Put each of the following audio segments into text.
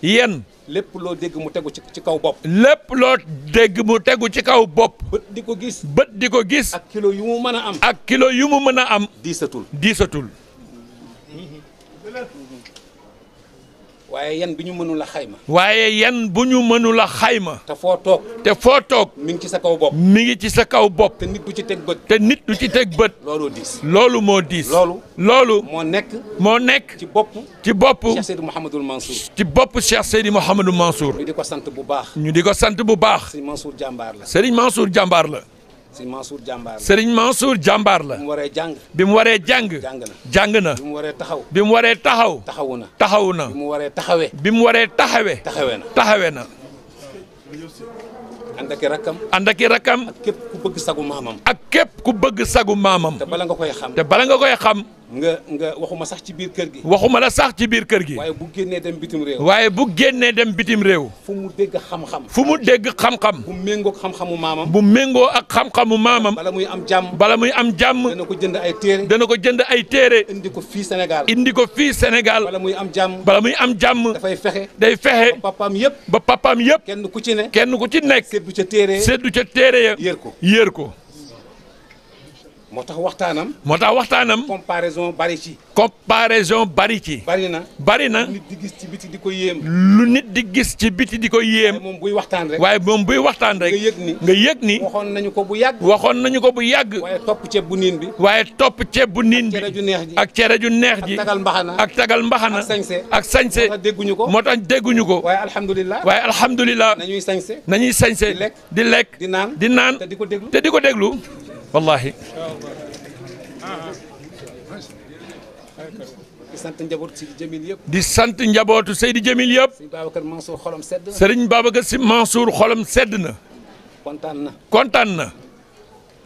yenn lépp loo dégg mu tegu ci kaw bopp. lépp loo dégg mu tegu ci kaw bopp. bët di ko gis. bët di ko gis. ak kilo yu mu mën a am. ak kilo yu mu mën a am. diisatul diisatul. waaye yan bu ñu mënul a xayma. waaye yan bu ñu mënula xayma. te foo toog. te foo toog. mu ngi ci sa kaw bopp. mi ngi ci sa kaw bopp. te nit du ci teg bët. te nit du ci teg bët. loolu diis. loolu moo diis. loolu. loolu. moo nekk. moo nekk. ci bopp. ci bopp. Cheikh Seydi Mouhamadul Mansour. ci bopp Cheikh Seydi Mouhamadul Mansour. ñu di ko sant bu baax. ñu di ko sant bu baax. Serigne Mansour jàmbaar la. Serigne Mansour jàmbaar la. Serigne Mansour jàmbaar la Serigne jàmbaar la. bi mu waree jàng. bi mu waree jàng. jàng na jàng na. bi mu waree taxaw. bi mu waree taxaw. taxawu na taxawu na. bi mu waree taxawee. bi mu waree taxawee. taxawee na taxawee na. ànd ak i rakkam. ànd ak i rakkam. ak képp ku bëgg sagu maamam. ak képp ku bëgg sagu maamam. te bala nga koy xam. te bala nga koy xam. nga nga waxuma sax ci biir kër gi. waxuma la sax ci biir kër gi. waaye bu génnee dem bitim réew. waaye bu génnee dem bitim réew. fu mu dégg xam-xam. fu mu dégg xam-xam. bu méngoo ak xam-xamu maamam. bu méngoo ak xam maamam. bala muy am jàmm. bala muy am jàmm. dana ko jënd ay téere. dana ko jënd ay téere. indi ko fii Sénégal. indi ko fii Sénégal. bala muy am jàmm. bala muy am jàmm. dafay fexe. day fexe ba papaam yëpp. ba papaam yëpp. kenn ku ci kenn ku ci nekk. seddu ca téere. seddu ca téere ya. yër ko yër ko. moo tax waxtaanam. moo tax waxtaanam. comparaison bari ci. comparaison bari ci. bari na bari na. lu nit di gis ci biti di ko yéem. lu nit di gis ci biti di ko yéem. waaye moom buy waxtaan rek. waaye moom buy waxtaan rek. nga yëg ni nga yëg waxoon nañu ko bu yàgg. waxoon nañu ko bu yàgg. waaye topp ceeb bu niin bi. waaye topp ceeb bu niin bi. ak cere ju neex ji ak cere ju neex ji. ak tagal mbaxana ak tagal mbaxana. ak sañse ak sañse. moo tax dégguñu ko moo tax dégguñu ko. waaye alhamdulilah. waaye alhamdulilah. nañuy sañse. nañuy sañse di lekk di naan te di ko déglu wallahi di sant njabootu Seydi Jamil yëpp. di sant njabootu Seydi Jamil yëpp. Sëriñ Babacar Mansour xolam sedd na. Sëriñ Babacar si xolam sedd na. kontaan na kontaan na.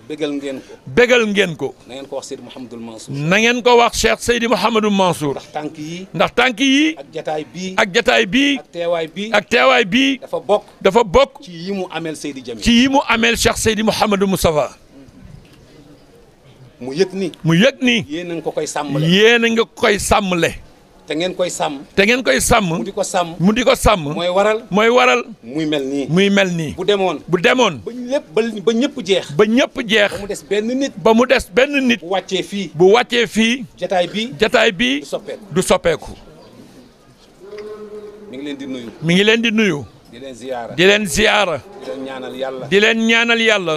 bégal ngeen ko. bégal ngeen ko. na ngeen ko wax Seydi Mouhamadul Mansour. na ngeen ko wax Cheikh Seydi Mouhamadul Mansour. ndax tànk yi. ndax tànk yi. ak jataay bii. ak jataay bii. ak teewaay bii. ak teewaay bii. dafa bokk. dafa bokk. ci yi mu ameel Seydi Jamil. ci yi mu ameel Cheikh Seydi Mouhamadul Moustapha. mu yëg ni mu yëg ni yéen a ko koy sàmmale yéen a nga ko koy sàmmale te ngeen koy sàmm te ngeen koy sàmm mu di ko sàmm mu di ko sàmm mooy waral mooy waral muy mel nii muy mel nii bu demoon bu demoon ba lépp ñëpp jeex ba ñëpp jeex ba mu des benn nit ba mu des benn nit bu wàccee fii bu wàccee fii jataay bi jataay bi du soppeeku du soppeeku mi ngi leen di nuyu mi ngi leen di nuyu di leen ziyaara di yàlla di leen ñaanal yàlla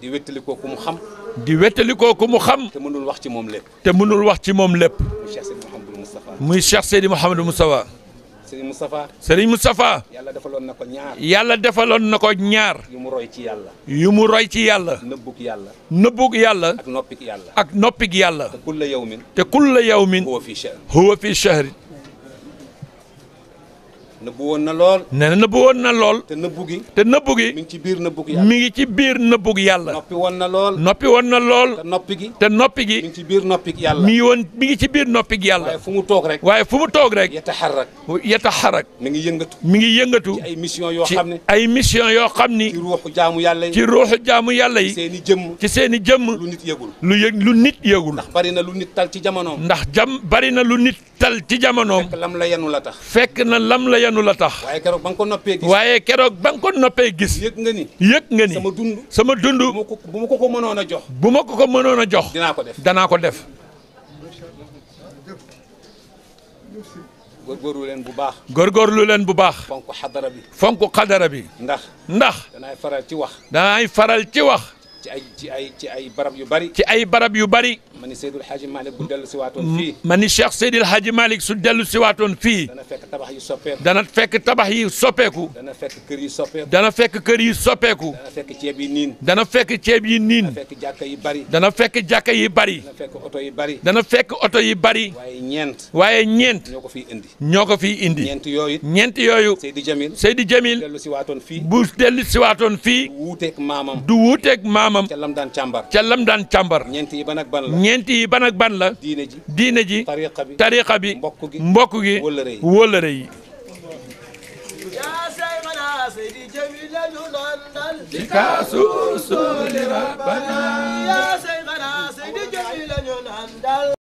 di wétali ko ku mu xam. di wétali ko ku mu xam. te mënul wax ci moom lépp. te mënul wax ci moom lépp. muy Cheikh Seydi Mouhamadou Moustapha. muy Cheikh Seydi Mouhamadou Moustapha. Serigne Moustapha. Serigne Moustapha. yàlla defaloon na ko ñaar. yàlla defaloon na ko ñaar. yu mu roy ci yàlla. yu mu roy ci yàlla. nëbbug yàlla. nëbbug yàlla. ak noppig yàlla. ak noppig yàlla. te kulla yawmin. te kulla yawmin. huwa fi shahr. huwa fi shahr. nëbbu woon na lool. nee na nëbbu woon na lool. te nëbbu gi. te nëbbu gi. mi ngi ci biir nëbbu gi yàlla. mi ngi ci biir nëbbu gi yàlla. noppi woon na lool. noppi woon na lool. te noppi gi. te noppi gi. mi ngi ci biir noppi yàlla. mi woon mi ngi ci biir noppi gi yàlla. waaye fu mu toog rek. waaye fu mu toog rek. yataxarak. yataxarak. mi ngi yëngatu. mi ngi yëngatu. ci ay mission yoo xam ne. ay mission yoo xam ni. ci ruuxu jaamu yàlla yi. ci ruuxu jaamu yàlla seen i jëmm. ci seen jëmm. lu nit yegul lu yëg lu nit yëgul. ndax bari na lu nit tal ci jamonoom. ndax jam bari na lu nit tal ci jamonoom. fekk lam la yanu la tax. fekk na lam la yanu la tax. waaye keroog ba ko noppee gis. waaye keroog ba nga noppee gis. yëg nga ni. yëg nga ni sama dund. sama dund bu ma ko ko ko mënoon a jox. bu ma ko ko mënoon a jox. dinaa ko def danaa ko def. góorgóorlu bu baax. góorgóorlu leen bu baax. fonk xadara bi. fonk xadara bi. ndax. ndax. danaay faral ci wax. danaay faral ci wax. ci ay ay ci ay barab yu bari. ci ay barab yu bari. ma ni Seydil Hadji Malick bu dellu siwaatoon fii. ma ni Cheikh Seydil Hadji Malick su dellu siwaatoon fii. dana fekk tabax yi soppeeku. dana fekk tabax yi soppeeku. dana fekk kër yi soppeeku. dana fekk kër yi soppeeku. fekk ceeb yi niin. dana fekk ceeb yi niin. dana fekk jàkk yi bari. dana fekk jàkka yi bari. dana oto yi bari. dana fekk oto yi bari. waaye ñeent. waaye ñeent. ñoo ko fiy indi. ñoo ko fiy indi. ñeent yooyu. ñeent yooyu. Seydi Jamil. Seydi Jamil. bu dellu siwaatoon fii. bu dellu siwaatoon du wuuteeg maamam. maamam. ca lam daan càmbar. ca lam daan càmbar. ñeent yi ban ak ban la. ñeent yi ban ak ban la. diine ji diine ji. tariqa bi tariqa bi. mbokk gi mbokk gi. wóllare yi